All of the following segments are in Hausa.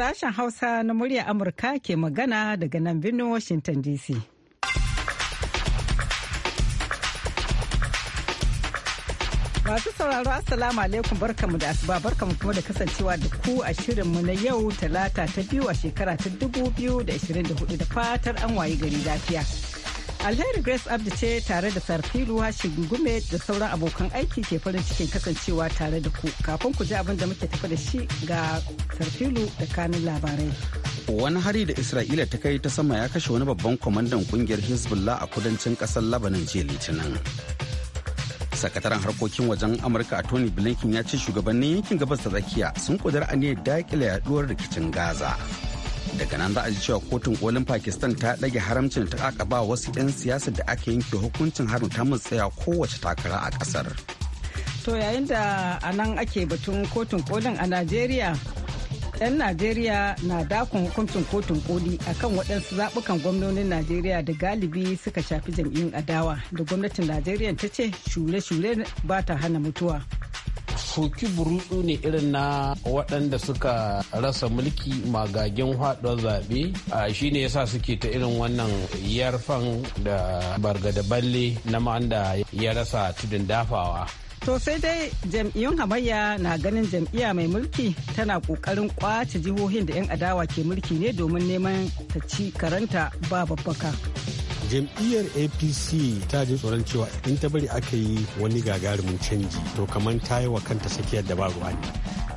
Sashen Hausa na murya Amurka ke magana daga nan birnin Washington DC. Masu sauraro Assalamu alaikum barkamu da asuba barkamu kuma da kasancewa da ku a shirinmu na yau talata ta biyu a shekara ta 2024 da fatar an wayi gari lafiya. Alheri Grace Abdi ce tare da Sarfilu Hashim Gume da sauran abokan aiki ke farin cikin kasancewa tare da ku. Kafin ku ji abin da muke tafi da shi ga Sarfilu da kanin labarai. Wani hari da Isra'ila ta kai ta sama ya kashe wani babban kwamandan kungiyar Hezbollah a kudancin kasar Lebanon jiya Litinin. Sakataren harkokin wajen Amurka a Tony Blinken ya ce shugabannin yankin gabas da tsakiya sun kudura aniyar daƙile yaduwar rikicin Gaza. daga nan za a ji cewa kotun kolin pakistan ta ɗage haramcin ta ba wasu 'yan siyasar da aka yanke hukuncin harin ta tsaya kowace takara a ƙasar to yayin da a nan ake batun kotun kolin a najeriya 'yan najeriya na dakon hukuncin kotun koli akan waɗansu zaɓukan gwamnonin najeriya da galibi suka shafi jam'iyyun adawa da gwamnatin najeriya ta ce shule shure ba ta hana mutuwa soki burutsu ne irin na waɗanda suka rasa mulki magagen haɗuwar zaɓe shi ne yasa suke ta irin wannan yarfan da bargada balle na ma'anda ya rasa tudun dafawa To sai dai jam'iyyun hamayya na ganin jam'iyya mai mulki tana kokarin kwace jihohin da 'yan adawa ke mulki ne domin neman ta ci karanta ba babbaka. jam'iyyar apc ta ji tsoron cewa in ta bari aka yi wani gagarumin canji to kamar ta yi wa kanta tsakiyar da babu wani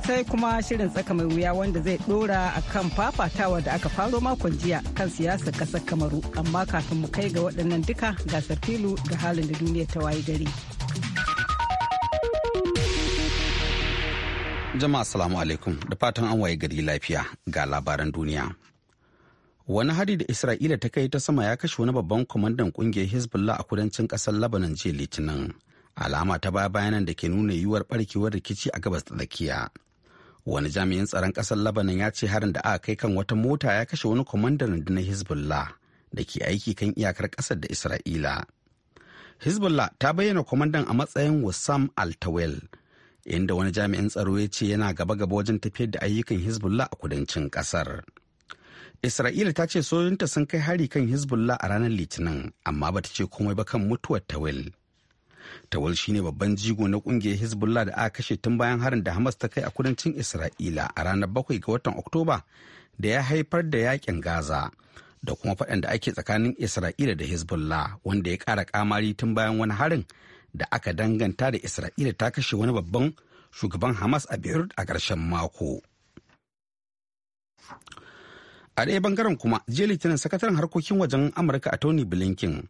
sai kuma shirin tsaka mai wuya wanda zai dora a kan fafatawa da aka faro makon jiya kan siyasar kasar kamaru amma kafin mu kai ga waɗannan duka gasar filu da halin da duniya ta wayi gari jama'a salamu alaikum da fatan an waye gari lafiya ga labaran duniya wani hari da isra'ila ta kai ta sama ya kashe wani babban kwamandan kungiyar hezbollah a kudancin kasar labanan jiya litinin alama ta baya bayanan da ke nuna yiwuwar barkewar rikici a gabas tsakiya wani jami'in tsaron kasar labanan ya ce harin da aka kai kan wata mota ya kashe wani kwamandan rundunar hezbollah da ke aiki kan iyakar kasar da isra'ila hezbollah ta bayyana kwamandan a matsayin wassam altawel inda wani jami'in tsaro ya ce yana gaba-gaba wajen tafiyar da ayyukan hezbollah a kudancin kasar Isra'ila ta ce sojojinta sun kai hari kan Hezbollah a ranar Litinin, amma bata ce komai ba kan mutuwar Tawil. Tawil shine babban jigo na kungiyar Hezbollah da aka kashe tun bayan harin da Hamas ta kai a kudancin Isra'ila a ranar bakwai ga watan Oktoba da ya haifar da yakin Gaza. da kuma faɗan da ake tsakanin Isra'ila da Hezbollah wanda ya kara kamari tun bayan wani harin da aka danganta da Isra'ila ta kashe wani babban shugaban Hamas a Beirut a ƙarshen mako. a ɗaya bangaren kuma jiya litinin sakataren harkokin wajen amurka a tony blinken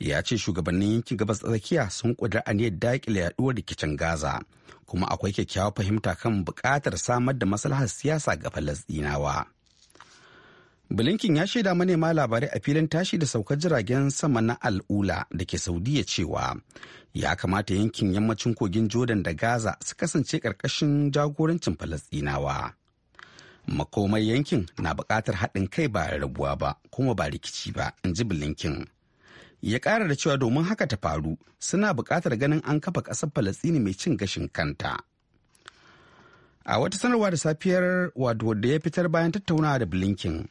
ya ce shugabannin yankin gabas tsakiya sun a aniyar daƙile yaduwar rikicin gaza kuma akwai kyakkyawa fahimta kan buƙatar samar da maslahar siyasa ga falasɗinawa blinken ya shaida manema labarai a filin tashi da saukar jiragen sama na al'ula da ke saudiya cewa ya kamata yankin yammacin kogin jordan da gaza su kasance ƙarƙashin jagorancin falasɗinawa Makomai yankin na bukatar haɗin kai ba rabuwa ba kuma ba rikici ba in ji bilinkin ya ƙara da cewa domin haka ta faru suna buƙatar ganin an kafa ƙasar falastini mai cin gashin kanta a wata sanarwa da safiyar wato da ya fitar bayan tattaunawa da bilinkin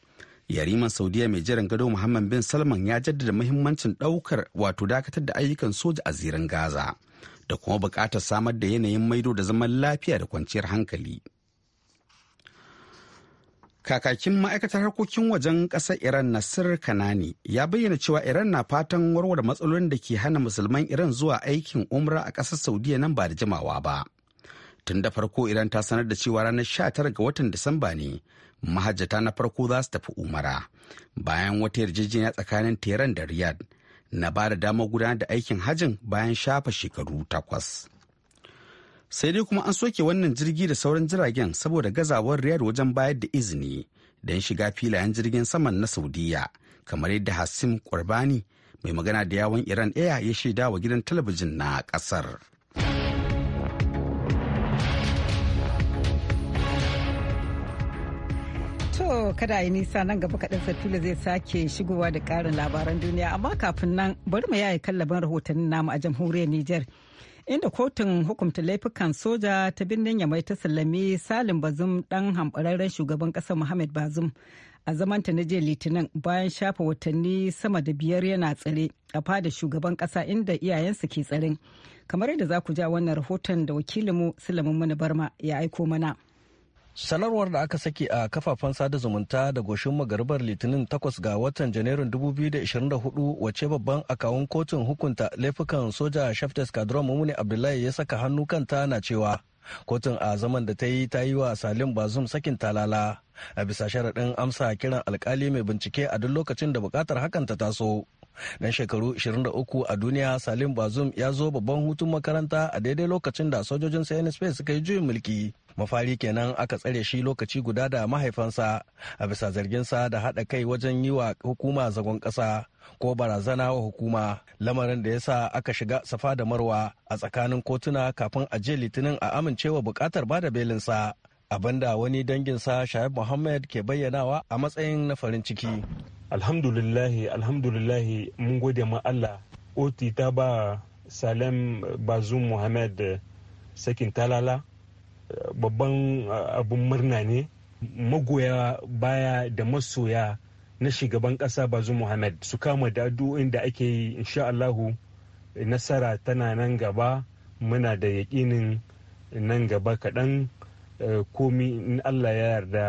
yariman saudiya mai jiran gado muhammad bin salman ya jaddada muhimmancin ɗaukar wato dakatar da ayyukan soja a zirin gaza da kuma buƙatar samar da yanayin maido da zaman lafiya da kwanciyar hankali Kakakin ma'aikatar harkokin wajen ƙasar Iran Nasir Kanani ya bayyana cewa Iran na fatan warware matsalolin da ke hana musulman Iran zuwa aikin umra a ƙasar Saudiya nan ba da jimawa ba. Tun da farko Iran ta sanar da cewa ranar 19 ga watan Disamba ne mahajjata na farko za su tafi umara bayan wata yarjejeniya tsakanin Tehran da Riyadh na ba da damar gudanar da aikin hajjin bayan shafa shekaru takwas. sai dai kuma an soke wannan jirgi da sauran jiragen saboda gazawar riyar wajen bayar da izini don shiga filayen jirgin saman na saudiya kamar yadda hassim qurbani mai magana da yawon iran air ya shaida wa gidan talabijin na kasar To kada yi nisa nan gaba kaɗan safila zai sake shigowa da ƙarin labaran duniya amma kafin nan bari mu yaye kallabin rahotannin namu a jamhuriyar Nijar. inda kotun hukunta laifukan soja ta birnin yamai ta sallami salim bazum dan hamɓararren shugaban ƙasar muhammad bazum a zamanta na jiya litinin bayan shafa watanni sama da biyar yana tsare a fada shugaban ƙasa inda iyayensa ke tsarin kamar yadda za ku ja wannan rahoton da wakilinmu sulaiman mana barma ya aiko mana. sanarwar da aka saki a kafafen sada zumunta da goshin magarbar litinin 8 ga watan janairun 2024 wace babban akawun kotun hukunta laifukan soja shaftes kadron mummuni abdullahi ya saka hannu kanta na cewa kotun a zaman da ta yi ta yi wa salim bazum sakin talala a bisa sharaɗin amsa kiran alkali mai bincike a duk lokacin da bukatar hakan ta taso dan shekaru 23 a duniya salim bazum ya zo babban hutun makaranta a daidai lokacin da sojojin cnsp suka yi juyin mulki mafari kenan aka tsare shi lokaci guda da mahaifansa a bisa zarginsa da haɗa kai wajen yi wa hukuma zagon ƙasa ko barazana wa hukuma lamarin da ya sa aka shiga safa da marwa a tsakanin kotuna kafin a je litinin a amincewa bukatar bada belinsa abinda wani danginsa shahab muhammad ke bayyanawa a matsayin na farin ciki alhamdulillahi alhamdulillahi mun gode ma allah oti ta ba salem bazum muhammad sakin talala babban abun murna ne magoya baya da masoya na shugaban kasa bazum muhammad su kama da addu'o'in da ake yi insha allahu nasara tana nan gaba muna da yaƙinin nan gaba kaɗan eh, komi in allah ya yarda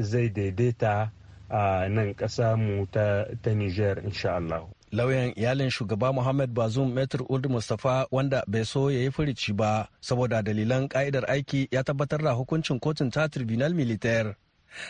zai daidaita a nan ƙasa mu ta Niger insha Allah. lauyan iyalin shugaba Muhammad Bazoum Metro Old Mustapha wanda bai so ya yi furici ba saboda dalilan ƙa'idar aiki ya tabbatar da hukuncin kotun ta tribunal militaire.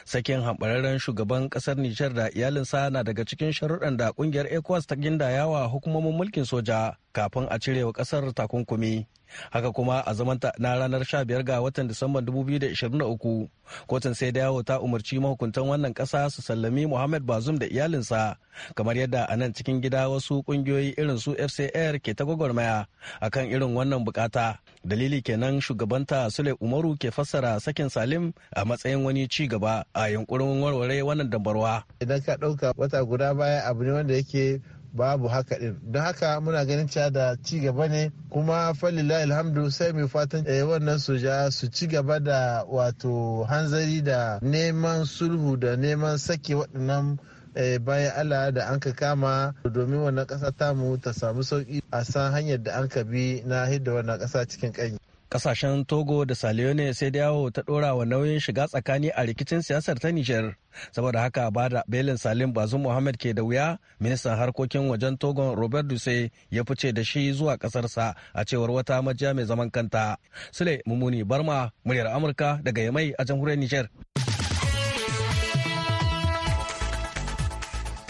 Sakin hambararren shugaban ƙasar Nijar da iyalinsa na daga cikin sharuɗan da ƙungiyar ECOWAS ta gindaya wa hukumomin mulkin soja kafin a cire wa kasar takunkumi haka kuma a zamanta na ranar 15 ga watan disamban 2023 kotun sai da yawo ta umarci mahukuntan wannan kasa su sallami muhammad bazum da iyalinsa kamar yadda a nan cikin gida wasu kungiyoyi irin su fcr ke ta gwagwarmaya kan irin wannan bukata dalili kenan shugabanta sule umaru ke fassara sakin salim a matsayin wani ci gaba a yunkurin warware wannan dambarwa idan ka ɗauka wata guda baya abu ne wanda yake babu haka din don haka muna ganin cewa da ci gaba ne kuma falila alhamdu sai mai fatan eh, wannan soja su ci gaba da wato hanzari da neman sulhu da neman sake waɗannan eh, bayan Allah da an ka kama domin wannan ƙasa tamu ta samu sauƙi a san hanyar da an ka bi na hidda wannan ƙasa cikin ƙanyi. kasashen togo da salione sai da yawo ta dora wa nauyin shiga tsakani a rikicin siyasar ta nijar saboda haka ba da belin salim bazu muhammad ke da wuya ministan harkokin wajen togon robert duse ya fice da shi zuwa kasarsa a cewar wata majiya mai zaman kanta sule mumuni barma muryar amurka daga yamai a jamhuriyar nijar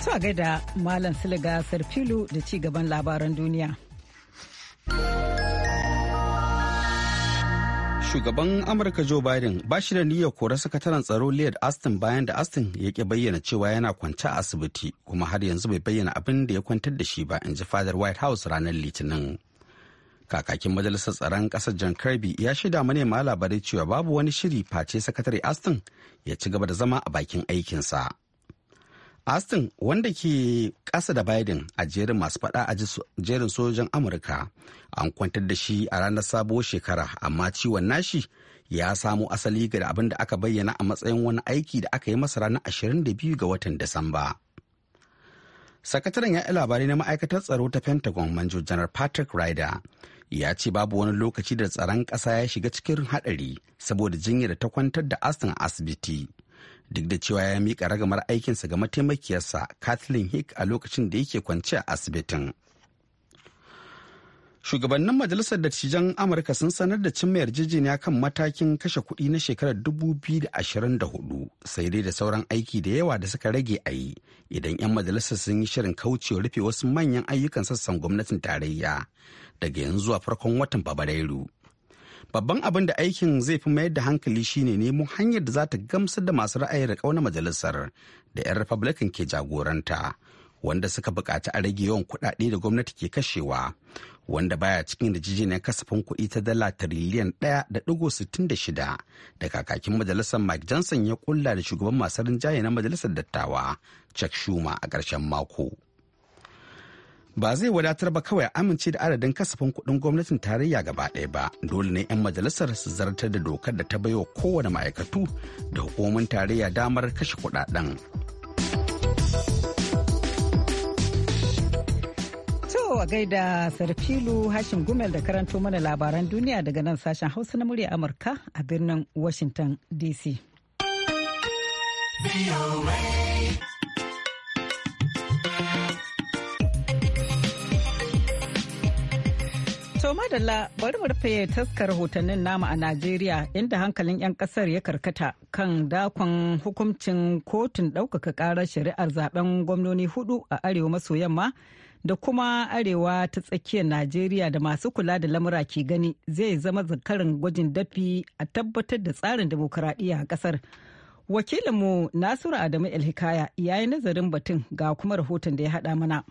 sa gaida malam siliga da ci gaban labaran duniya shugaban Amurka Joe Biden ba shi da niyyar kora sakataren tsaro Lloyd Austin bayan da Austin ya ke bayyana cewa yana kwance a asibiti kuma har yanzu bai bayyana abin da ya kwantar da shi ba in ji fadar White House ranar Litinin. Kakakin Majalisar Tsaron Ƙasar John Kirby ya shaida manema labarai cewa babu wani shiri face sakatare Austin ya ci gaba da zama a bakin aikinsa. Aston wanda ke ƙasa da Biden a jerin masu faɗa a jerin sojan Amurka an kwantar da shi a ranar sabuwar shekara amma ciwon nashi ya samo asali ga abin da aka bayyana a matsayin wani aiki da aka yi masa ranar 22 ga watan Disamba. Sakataren ya labarai na ma'aikatar tsaro ta Pentagon manjo janar Patrick Ryder ya ce babu wani lokaci da tsaron ƙasa ya shiga cikin haɗari saboda jinyar ta kwantar da Aston asibiti. duk da cewa ya mika ragamar aikinsa ga mataimakiyarsa kathleen hick a lokacin da yake kwance a asibitin shugabannin majalisar dattijan amurka sun sanar da cimma yarjejeniya kan matakin kashe kuɗi na shekarar 2024 sai dai da sauran aiki da yawa da suka rage a yi idan 'yan majalisar sun yi shirin kaucewa rufe wasu manyan ayyukan sassan gwamnatin tarayya daga yanzu a farkon watan fabrairu babban abin da aikin zai fi mayar da hankali shine nemo hanyar da za ta gamsar da masu ra'ayin da na majalisar da 'yan republican ke jagoranta wanda suka buƙaci a rage yawan kuɗaɗe da gwamnati ke kashewa wanda baya cikin yarjejeniyar kasafin kuɗi ta dala tiriliyan ɗaya da ɗigo sittin da shida da kakakin majalisar mike johnson ya ƙulla da shugaban masu rinjaye na majalisar dattawa chuck schumer a ƙarshen mako. ba zai wadatar ba kawai amince da adadin kasafin kuɗin gwamnatin tarayya gaba ɗaya ba dole ne 'yan majalisar su zartar da dokar da ta baiwa kowane ma'aikatu da hukumomin tarayya damar kashe kudaden. To a gaida sarfilu hashin gumel da karanto mana labaran duniya daga nan sashen hausa na murya amurka a birnin washington dc. To madalla bari mu rufe taskar hotannin namu a Najeriya inda hankalin 'yan kasar ya karkata kan dakon hukuncin kotun ɗaukaka ƙarar shari'ar zaben gwamnoni hudu a arewa maso yamma da kuma arewa ta tsakiyar Najeriya da masu kula da lamura ke gani zai zama zakarin gwajin dafi a tabbatar da tsarin dimokuraɗiyya a ƙasar. Wakilinmu Nasiru Adamu Elhikaya ya yi nazarin batun ga kuma rahoton da ya haɗa mana.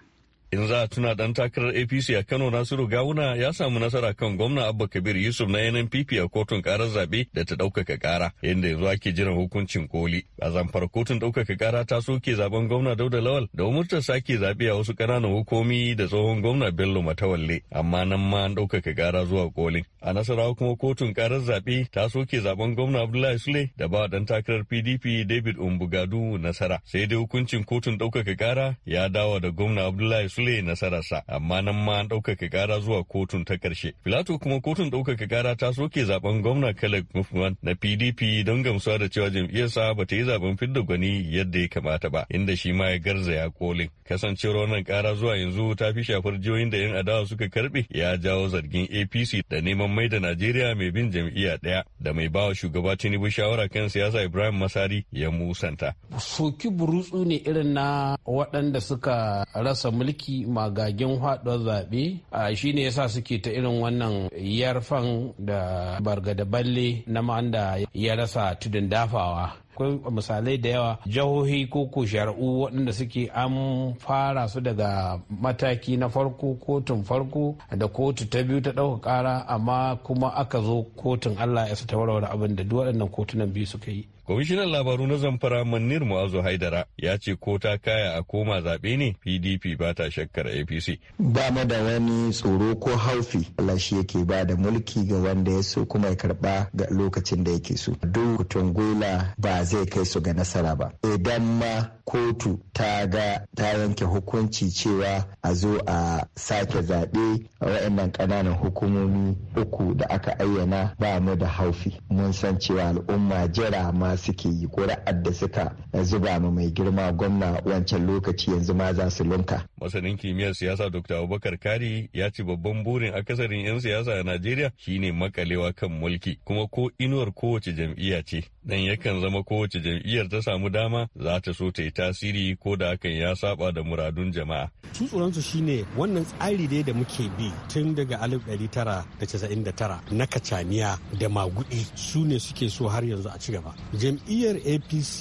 In za a tuna dan takarar APC a Kano Nasiru Gawuna ya samu nasara kan gwamna Abba Kabir Yusuf na NNPP a kotun karar zabe da ta ɗaukaka kara yadda yanzu ake jiran hukuncin koli. A zamfar kotun ɗaukaka kara ta soke zaben gwamna Dauda Lawal da umurtar sake zabe a wasu kananan hukumi da tsohon gwamna Bello Matawalle amma nan ma an ɗaukaka kara zuwa kolin. A Nasarawa kuma kotun karar zabe ta soke zaben gwamna Abdullahi Sule da ba dan takarar PDP David Umbugadu nasara sai dai hukuncin kotun ɗaukaka kara ya dawo da gwamna Abdullahi Sule turle nasararsa amma nan ma an ɗaukaka kara zuwa kotun ta ƙarshe. Filato kuma kotun ɗaukaka kara ta soke zaben gwamna Caleb Mufman na PDP don gamsuwa da cewa jam'iyyarsa ba ta yi zaben fidda gwani yadda ya kamata ba inda shi ma ya garzaya kolin. Kasancewar wannan kara zuwa yanzu ta fi shafar jihohin da 'yan adawa suka karɓe ya jawo zargin APC da neman mai da Najeriya mai bin jam'iyya ɗaya da mai bawa shugaba Tinubu shawara kan siyasa Ibrahim Masari ya musanta. Soki burutsu ne irin na waɗanda suka rasa mulki aiki magagin haɗuwar zaɓe shi ne yasa suke ta irin wannan yarfan da bargada balle na da ya rasa tudun dafawa akwai misalai da yawa jihohi ko ko shari'u waɗanda suke an fara su daga mataki na farko kotun farko da kotu ta biyu ta ɗauka ƙara amma kuma aka zo kotun allah ya su ta warware abin da duk waɗannan kotunan biyu suka yi Kwamishinan labaru na zamfara Manir Mu'azu Haidara ya ce ko ta kaya a koma zaɓe ne PDP ba ta shakkar APC. Ba mu da wani tsoro ko haufi Allah shi yake ba da mulki ga wanda ya so kuma ya karɓa ga lokacin da yake so. Duk tungula ba zai kai su ga nasara ba. Idan ma kotu ta ga ta yanke hukunci cewa a zo a sake zaɓe a waɗannan ƙananan hukumomi uku da aka ayyana ba mu da haufi. Mun san cewa al'umma jira ma suke yi ƙuri'ar da suka zuba ma mai girma gwamna wancan lokaci yanzu ma za su lunka. Masanin kimiyyar siyasa Dr. Abubakar Kari ya ce babban burin akasarin 'yan siyasa a Najeriya shine makalewa kan mulki kuma ko inuwar kowace jam'iyya ce. Dan yakan zama kowace jam'iyyar ta samu dama za ta so ta yi tasiri ko da hakan ya saba da muradun jama'a. Su shine wannan tsari dai da muke bi tun daga alif da tara na kacaniya da magudi su ne suke so har yanzu a ci gaba. jam'iyyar apc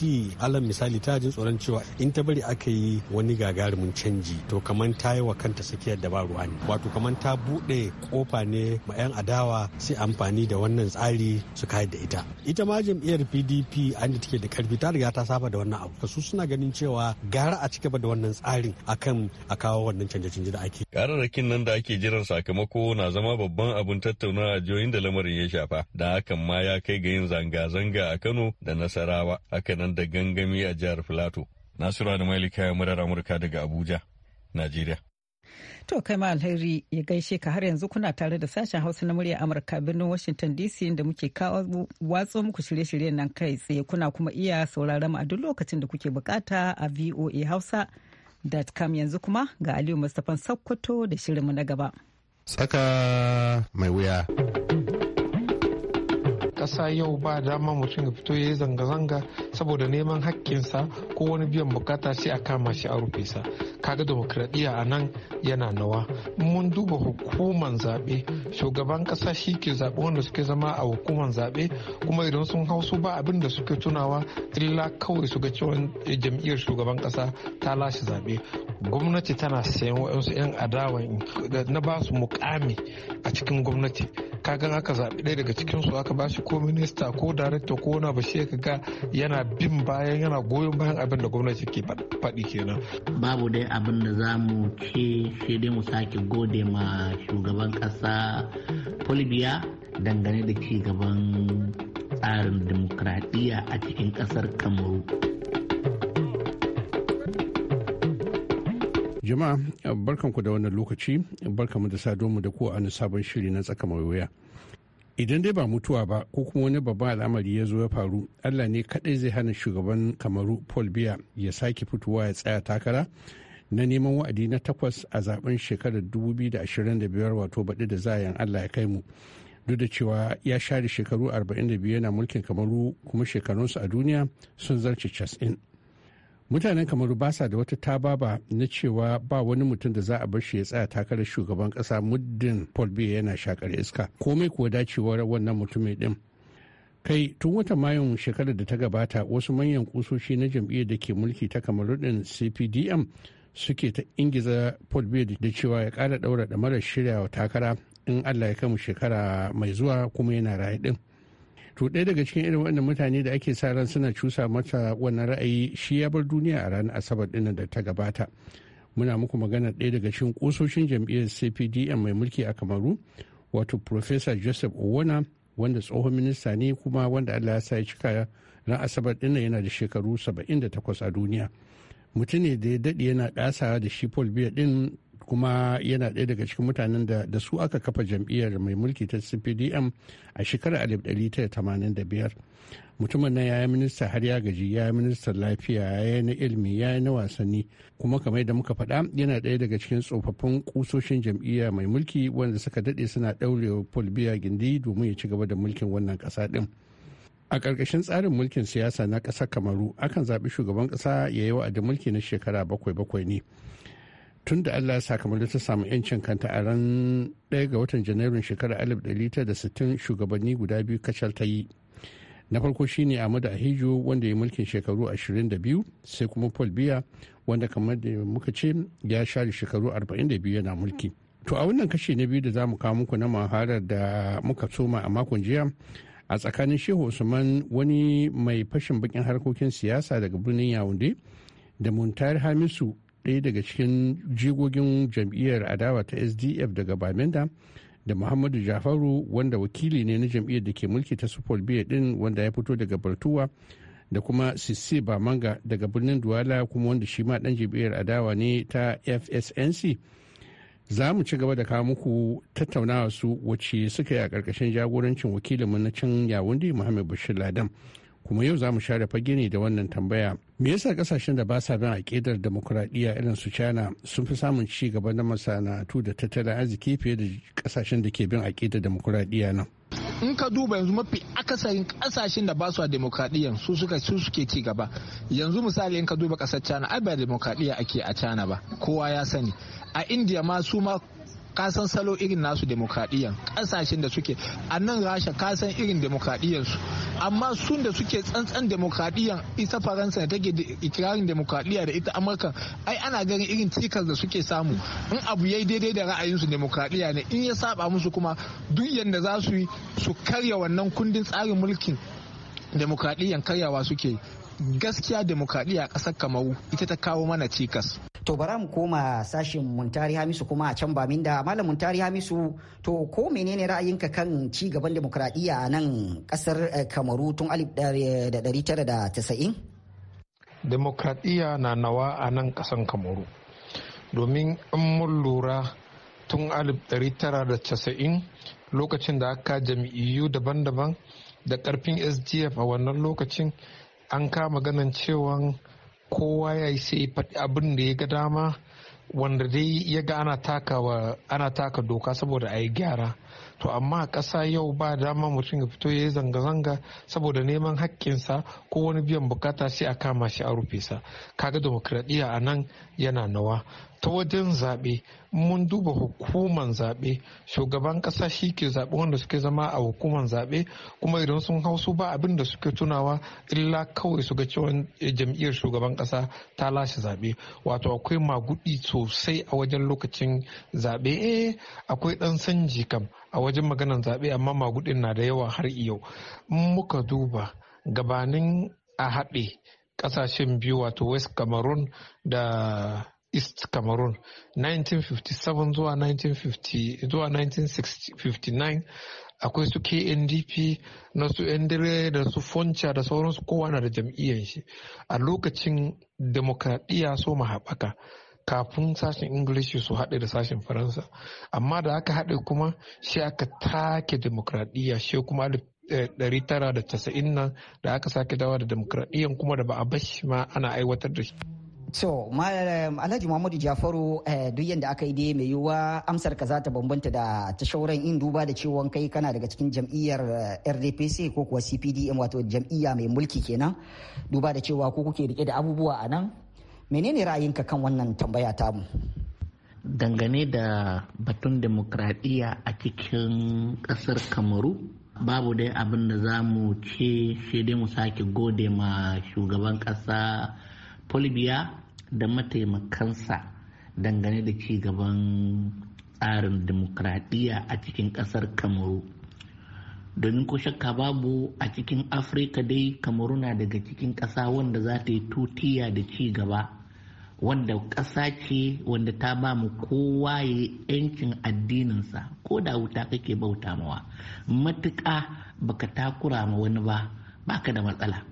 Alan misali ta jin tsoron cewa in ta bari aka yi wani gagarumin canji to kamar ta yi wa kanta tsakiyar da ba ruwa ne wato kamar ta buɗe kofa ne ma 'yan adawa sai amfani da wannan tsari su kayar da ita ita ma jam'iyyar pdp an da take da karfi ta riga ta saba da wannan abu su suna ganin cewa gara a cigaba da wannan tsarin akan a kawo wannan canje-canje da ake kararrakin nan da ake jiran sakamako na zama babban abun tattaunawa jiyoyin da lamarin ya shafa da hakan ma ya kai ga yin zanga-zanga a kano da da Nasarawa, nan da gangami a jihar Filato. Nasiru da Malika murar Amurka daga Abuja, Najeriya. To kai ma alheri ya gaishe ka har yanzu kuna tare da sashen Hausa na murya Amurka birnin Washington DC inda muke kawo watso muku shirye shirye nan kai tsaye kuna kuma iya sauraron mu a duk lokacin da kuke bukata a VOA hausa Hausa.com yanzu kuma ga Aliyu Mustapha Sokoto da shirinmu na gaba. Tsaka mai wuya. Kasa yau ba dama mutum ya fito ya yi zanga-zanga saboda neman hakkinsa ko wani biyan bukata sai a kama shi a rufe sa kaga demokradiyya a nan yana nawa mun duba hukuman zaɓe shugaban kasa shi ke zaɓe wanda suke zama a hukuman zaɓe kuma idan sun hau su ba abin da suke tunawa illa kawai su ga cewa jam'iyyar shugaban kasa ta lashe zaɓe gwamnati tana sayan wa'yansu 'yan adawa na ba su mukami a cikin gwamnati kagan aka zaɓi ɗaya daga cikinsu aka ba shi ko ko minista ko darakta ko na abu shi ka ga yana bin bayan yana goyon bayan abin da gwamnati ke faɗi kenan. Babu dai abin da za mu ce sai dai mu sake gode ma shugaban ƙasa polibiya dangane da ci gaban tsarin demokradiyya a cikin ƙasar Kamaru. Jama'a barkanku da wannan lokaci barkanmu da sadonmu da ku a sabon shiri na tsaka mai wuya. idan dai ba mutuwa ba ko kuma wani babban al'amari ya zo ya faru allah ne kadai zai hana shugaban kamaru paul biya ya sake fitowa ya tsaya takara na neman wa'adi na takwas a zaben shekarar 2025 wato baɗi da zayan allah ya kai mu duk da cewa ya share shekaru 45 yana mulkin kamaru kuma shekarunsu a duniya sun zarce in. mutanen kamar ba sa da wata tababa na cewa ba wani mutum da za a bar shi ya tsaya takarar shugaban kasa muddin paul biya yana shakar iska komai kuwa dacewa wannan mutumin din kai tun watan mayun shekarar da ta gabata wasu manyan kusoshi na jam'iyyar da ke mulki ta kamaru din cpdm suke ta ingiza paul biya da cewa ya kara daura da marar shiryawa takara in allah ya kama shekara mai zuwa kuma yana raye din to ɗaya daga cikin irin wannan mutane da ake sa ran suna cusa mata wannan ra'ayi shi ya bar duniya a ranar asabar ɗin da ta gabata muna muku magana ɗaya daga cikin ƙososhin jam'iyyar cpdm mai mulki a kamaru wato professor joseph owona wanda tsohon minista ne kuma wanda allah ya sa ya cika ran asabar ɗin yana da shekaru 78 a duniya mutum ne da ya daɗe yana ɗasawa da shi paul biya ɗin kuma yana ɗaya daga cikin mutanen da su aka kafa jam'iyyar mai mulki ta cpdm a shekarar 1985 mutumin nan ya yi minista har ya gaji ya yi ministan lafiya ya yi na ilimi ya yi na wasanni kuma kamar da muka faɗa yana ɗaya daga cikin tsofaffin ƙusoshin jam'iyya mai mulki wanda suka daɗe suna ɗaurewa polbiya gindi domin ya ci gaba da mulkin wannan ƙasa ɗin a ƙarƙashin tsarin mulkin siyasa na ƙasar kamaru akan zaɓi shugaban ƙasa ya yi wa'adin mulki na shekara bakwai bakwai ne tun da allah ya sakamakon ta samu 'yancin kanta a ran 1 ga watan janairun shekarar 1960 shugabanni guda biyu kacal ta yi na farko shine amadu ahijo wanda ya mulkin shekaru 22 sai kuma paul biya wanda kamar da muka ce ya share shekaru 42 yana mulki to a wannan kashe na biyu da za mu kawo muku na maharar da muka soma a makon jiya a tsakanin shehu usman wani mai fashin bakin harkokin siyasa daga birnin yawunde da muntar hamisu ɗaya daga cikin jigogin jam'iyyar adawa ta sdf daga bamenda da muhammadu jafaru wanda wakili ne na jam'iyyar da ke mulki ta supol biya din wanda ya fito daga bartuwa da kuma sisi bamanga daga birnin duwala kuma wanda shi ma dan jam'iyyar adawa ne ta fsnc za mu ci gaba da kawo muku tattaunawa su wacce suka yi a ƙarƙashin jagorancin wakilinmu na can yawundi muhammad bashir ladan. kuma yau za mu share fage ne da wannan tambaya me yasa kasashen da ba sa bin aƙidar demokuraɗiyya irin su china sun fi samun ci gaba na masana'antu da tattalin arziki fiye da kasashen da ke bin aƙidar demokuraɗiyya nan in ka duba yanzu mafi akasarin kasashen da ba su a demokradiyyan su suka su suke ci gaba yanzu misali in ka duba kasar China ai ba demokradiyya ake a China ba kowa ya sani a India ma su ma kasan salo irin nasu demokradiyyar kasashen da suke a nan rasha kasan irin demokradiyyarsu amma sun da suke tsantsan demokradiyyar isa faransa da take ikirarin demokradiyya da ita amurka ai ana ganin irin cikas da suke samu in abu yayi daidai da ra'ayinsu demokradiyya ne in ya saba musu kuma duk yanda za su yi su karya wannan kundin tsarin mulkin demokradiyyar karyawa suke gaskiya demokradiyya a ƙasar kamau ita ta kawo mana cikas to bara mu koma sashin muntari hamisu kuma a can baminda malam muntari hamisu to ko menene ra'ayinka kan ci gaban demokradiyya a nan ƙasar eh, kamaru tun 1990 eh, demokradiyya na nawa a nan ƙasan kamaru domin in mun lura tun 1990 lokacin da aka jam'iyyu daban-daban da ƙarfin sdf a wannan lokacin an kama ganin cewa kowa ya yi sai abin da ya ga dama wanda dai ya ga ana taka doka saboda a yi gyara to amma ƙasa yau ba dama mutum ya fito ya yi zanga-zanga saboda neman haƙƙinsa ko wani biyan bukata sai a kama shi a rufe sa kaga demokradiyya a nan yana nawa ta wajen zaɓe mun duba hukuman zaɓe shugaban ƙasa shi ke zaɓe wanda suke zama a hukumar zaɓe kuma idan sun hau su ba abin da suke tunawa illa kawai su ga cewa eh, jam'iyyar shugaban ƙasa ta lashe zaɓe wato akwai magudi sosai a wajen lokacin zaɓe eh akwai ɗan sanji kam a wajen maganan zaɓe amma magudin na da yawa har yau muka duba gabanin a haɗe ƙasashen biyu wato west cameroon da east cameroon 1957 zuwa 1950 zuwa 1959 akwai su kndp na su endere da su fonca da sauransu kowa na da jam'iyyar shi a lokacin demokradiyya so haɓaka kafin sashen ingilishi su haɗe da sashen faransa amma da aka haɗe kuma shi aka take demokradiyya shi kuma 1990 eh, nan da aka sake dawa da demokradiyyan kuma da ba a bashi ma ana aiwatar da shi So, Alhaji Muhammadu Jafaru eh, duk yadda aka yi dai mai yiwuwa amsar ka za ta bambanta da ta shauran in duba da cewa kai kana daga cikin jam'iyyar eh, RDPC ko kuwa CPDM wato jam'iyya mai mulki kenan duba da cewa ko kuke rike da abubuwa a nan. Menene ra'ayinka kan wannan tambaya ta mu. Dangane da batun demokradiyya a cikin kasar Kamaru, babu dai abin da za mu ce sai dai mu sake gode ma shugaban kasa Polibiya da mataimakansa dangane da ci gaban tsarin demokradiyya a cikin kasar kamaru domin ko shakka babu a cikin afirka dai kamaru na daga cikin ƙasa wanda za ta yi tutiya da ci gaba wanda ƙasa ce wanda ta ba mu kowa ya yancin addininsa ko da wuta kake bauta mawa matuƙa baka takura ma wani ba baka da matsala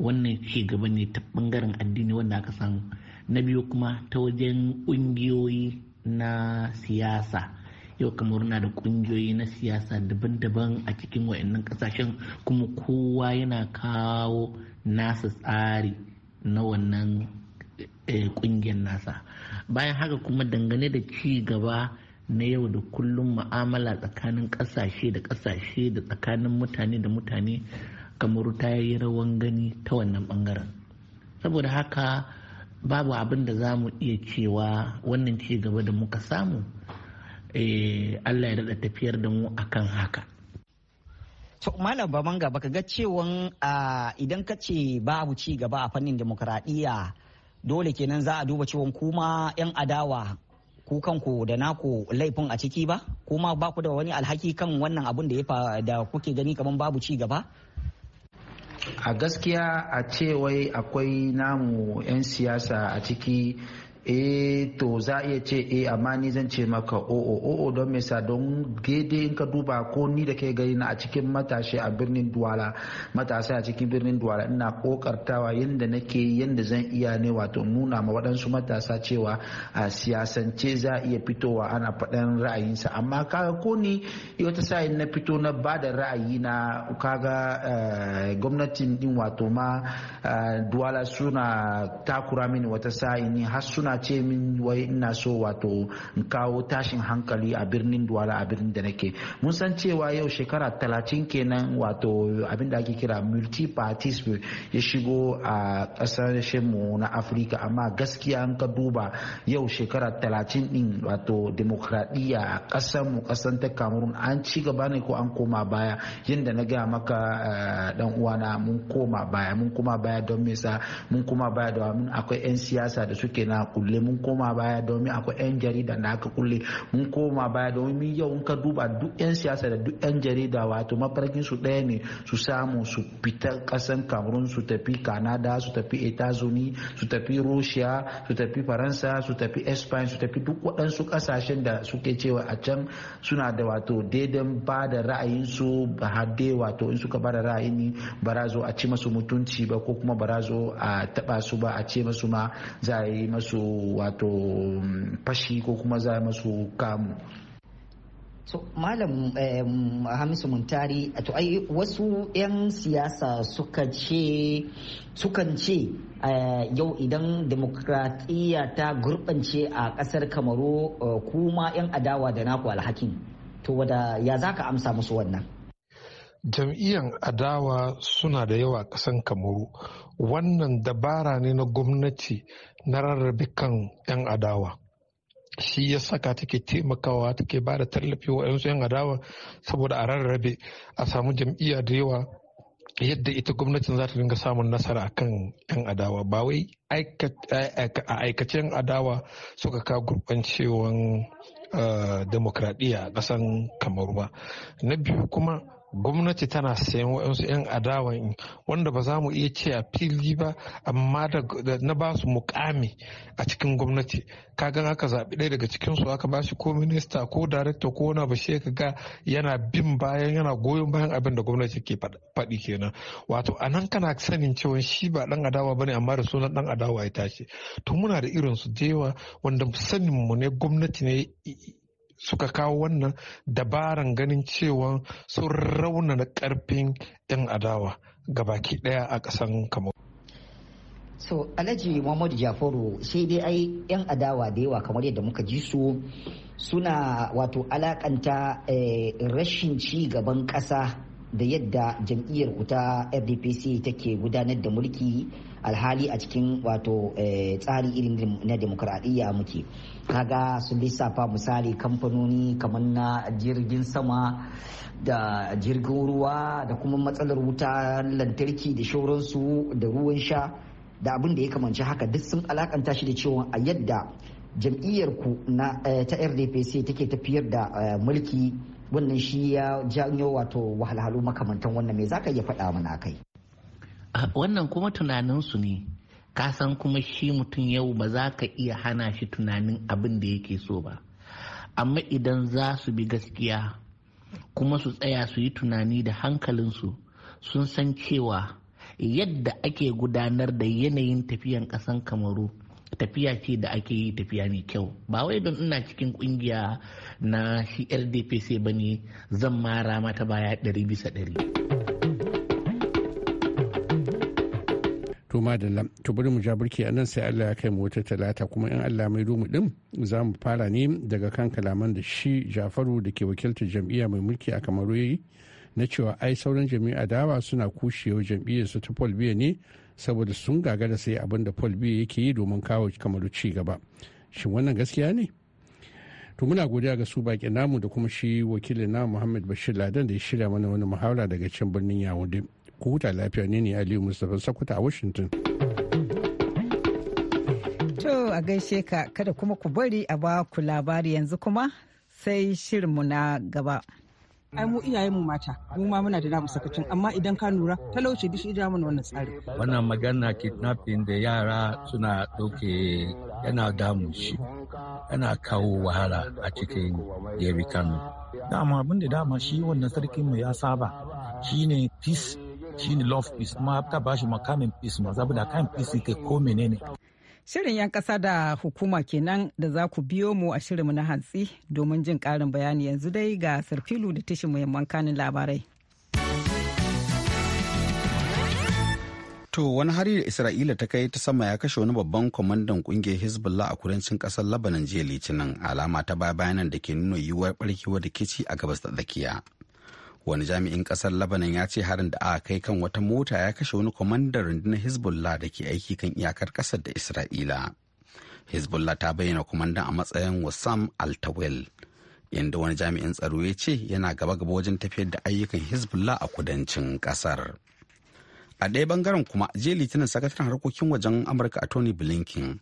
wannan ci gaba ne ta bangaren addini wanda aka samu. na biyu kuma ta wajen ƙungiyoyi na siyasa yau kamar na da ƙungiyoyi na siyasa daban-daban a cikin wa'annan kasashen kuma kowa yana kawo nasa tsari na wannan kungiyar eh, nasa bayan haka kuma dangane da ci gaba na yau da kullum ma'amala tsakanin ƙasashe da ƙasashe da tsakanin mutane da mutane kamar ta yi rawan gani ta wannan bangaren saboda haka babu abin da za mu iya cewa wannan ci gaba da muka samu eh, allah ya daɗa tafiyar da mu akan haka to malam baban gaba ka ga cewan idan ka ce babu ci gaba a fannin demokradiyya dole kenan za a duba cewan kuma yan adawa ku kanku da naku laifin a ciki ba kuma ba ku da wani alhaki kan wannan abun da ya da kuke gani kaman babu ci gaba a gaskiya a ce wai akwai namu 'yan siyasa a ciki eh to za iya ce e amma ni zan ce maka o'o oh, o'o oh, oh, don me sa don gede in ka duba ko ni da kai gani na a cikin matashi a birnin duwala matasa a cikin birnin duwala ina kokartawa yadda nake yadda zan iya ne wato nuna ma waɗansu matasa cewa a siyasance za iya fitowa ana faɗan ra'ayinsa amma kaga ko ni wata sa'in na fito na ba da ra'ayi na kaga eh, gwamnatin din wato ma eh, duwala suna takura mini wata sa'in har suna suna ce min wai ina so wato in kawo tashin hankali a birnin duwala a birnin da nake mun san cewa yau shekara talatin kenan wato abin da ake kira multi parties ya shigo a ƙasashen mu na afirka amma gaskiya an ka duba yau shekara talatin din wato demokradiyya a ƙasar mu ƙasar ta kamerun an ci gaba ne ko an koma baya yadda na gaya maka dan eh, uwana mun koma baya mun koma baya don me sa mun koma baya da mun akwai 'yan siyasa da suke na kulle mun koma baya domin akwai 'yan jarida da aka kulle mun koma baya domin yau in ka duba duk 'yan siyasa da duk 'yan jarida wato mafarkin su ɗaya ne su samu su fita ƙasan cameroon su tafi kanada su tafi etazuni su tafi russia su tafi faransa su tafi espain su tafi duk waɗansu ƙasashen da suke cewa a can suna da wato daidan ba da ra'ayin su ba hadde wato in suka ba da ra'ayin bara zo a ci masu mutunci ba ko kuma bara zo a taɓa su ba a ce masu ma za a yi masu wato fashi ko kuma za masu kamu to malam eh, hamisu muntari to ai wasu 'yan siyasa suka ce sukan ce eh, yau idan demokratiya ta gurbance a ƙasar kamaru eh, kuma 'yan adawa da naku alhakin to wada ya za ka amsa musu wannan jam'iyyan adawa suna da yawa a kasan kamaru wannan dabara ne na gwamnati na rarrabe kan 'yan adawa shi ya saka take taimakawa take ba da tallafi wa 'yan adawa saboda a rarrabe a samu jam'iyya da yawa yadda ita gwamnatin za ta dinga samun nasara a kan 'yan adawa ba wai a aikace 'yan adawa suka ka gurbancewan eh, demokradiyya a ƙasan kamaru ba na biyu kuma gwamnati tana sayan waɗansu 'yan adawan wanda ba za mu iya ce a fili ba amma da na ba su mukami a cikin gwamnati kagan aka zaɓi ɗaya daga cikinsu aka ba shi ko minista ko darekta ko wani abu shi ga yana bin bayan yana goyon bayan abin da gwamnati ke faɗi kenan wato a nan kana sanin cewa shi ba ɗan adawa ba ne, amma da sunan ɗan adawa ya tashi to muna da irin su da wanda sanin mu ne gwamnati ne suka kawo wannan dabaran ganin cewa sun raunana karfin 'yan adawa gabaki daya a kasan kamar so alhaji muhammadu jafaru sai dai ai yan adawa da yawa kamar yadda muka ji su suna wato alakanta eh, rashin ci gaban kasa da yadda jam'iyyar ku ta fdpc take gudanar da mulki alhali a cikin wato eh, tsari irin na demokradiyya muke kaga su lissafa misali kamfanoni kamar na jirgin sama da jirgin ruwa da kuma matsalar wuta lantarki da shauransu da ruwan sha da abin da ya kamanci haka duk sun alakanta shi da cewa a yadda jam'iyyar ku na eh, ta rdpc take tafiyar da eh, mulki wannan shi ya janyo wato wahalhalu makamantan wannan me zaka iya faɗa mana kai wannan kuma tunanin su ne ka san kuma shi mutum yau ba za ka iya hana shi tunanin abin da yake so ba amma idan za su bi gaskiya kuma su tsaya su yi tunani da hankalinsu sun san cewa yadda ake gudanar da yanayin tafiyan ƙasan kamaru tafiya ce da ake yi tafiya mai kyau ba wai don ina cikin kungiya na shi rdpc ba ne zan mara mata baya ɗari bisa ɗari. to lam to bari mu ja burki a nan sai allah ya kai mu wata talata kuma in allah mai mu din za mu fara ne daga kan kalaman da shi jafaru da ke wakiltar jam'iyya mai mulki a kamaru na cewa ai sauran jami'a dawa suna kushewa jam'iyyar su ta paul biya ne saboda sun gagara sai abin da paul biya yake yi domin kawo kamaru ci gaba shin wannan gaskiya ne to muna godiya ga su baƙi namu da kuma shi wakilin na muhammad bashir ladan da ya shirya mana wani muhawara daga can birnin yawon ku huta lafiya ne ne aliyu mustapha sakuta a washington to a gaishe ka kada kuma ku bari a ba ku labari yanzu kuma sai shirinmu na gaba. ai mu iyayen mu mata mu ma muna da namu sakacin amma idan ka lura talauci dishi da mana wannan tsari wannan magana kidnapping da yara suna doke yana damu shi yana kawo wahala a cikin yeri kano dama abin da dama shi wannan sarkin mu ya saba shine peace shine love peace ma ka bashi makamin peace ma da kan peace ke ko menene Shirin 'yan ƙasa da hukuma kenan da za ku biyo mu a shirinmu na hantsi domin jin karin bayani yanzu dai ga sarfilu da tashin muhimman kanin labarai. To wani hari da Isra'ila ta kai ta sama ya kashe wani babban kwamandan kungiyar Hezbollah a kudancin kasar labanan jiya Litinin alama ta baya bayanan da ke nuna yiwuwar barkewar rikici a gabas da tsakiya. wani jami'in kasar labanan ya ce harin da aka kai kan wata mota ya kashe wani kwamandan rundunar hezbollah da ke aiki kan iyakar kasar da isra'ila hezbollah ta bayyana kwamandan a matsayin wassam altawel inda wani jami'in tsaro ya ce yana gaba-gaba wajen tafiyar da ayyukan hezbollah a kudancin kasar a ɗaya bangaren kuma jiya litinin sakataren harkokin wajen amurka a tony blinken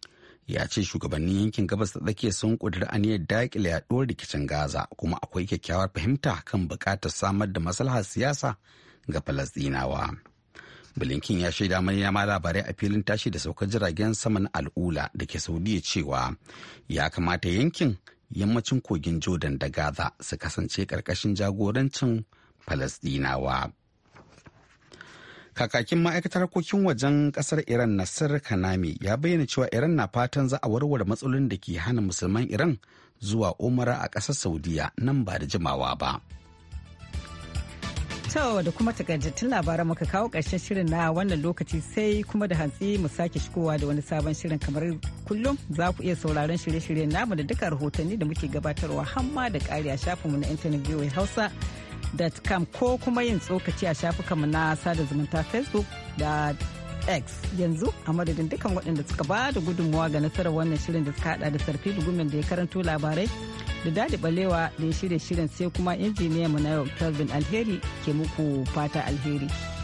ya ce shugabannin yankin gabas da tsakiya sun ƙudiri aniyar daƙile yaɗuwar rikicin gaza kuma akwai kyakkyawar fahimta kan buƙatar samar da maslahar siyasa ga falasɗinawa bilinkin ya shaida manema labarai a filin tashi da saukar jiragen sama na al'ula da ke saudiya cewa ya kamata yankin yammacin kogin jordan da gaza su kasance ƙarƙashin jagorancin falasɗinawa Kakakin ma'aikatar harkokin wajen kasar Iran Nasir Kanami ya bayyana cewa Iran na fatan za a warware matsalolin da ke hana musulman Iran zuwa umara a kasar Saudiya nan ba da jimawa ba. To da kuma takardattun labaran muka kawo karshen shirin na wannan lokaci sai kuma da hantsi mu sake shigowa da wani sabon shirin kamar kullum za ku iya sauraron shirye-shiryen namu da duka rahotanni da muke gabatarwa hamma da ƙari a shafinmu na intanet biyu hausa facebook.com ko kuma yin tsokaci a shafukanmu na sada zumunta facebook da x yanzu a madadin dukkan waɗanda suka ba da gudunmawa ga nasarar wannan shirin da suka hada da sarfi dugumin da ya karanto labarai da dadi balewa da ya shirya shirin sai kuma injiniyanmu na yau kelvin alheri ke muku fata alheri.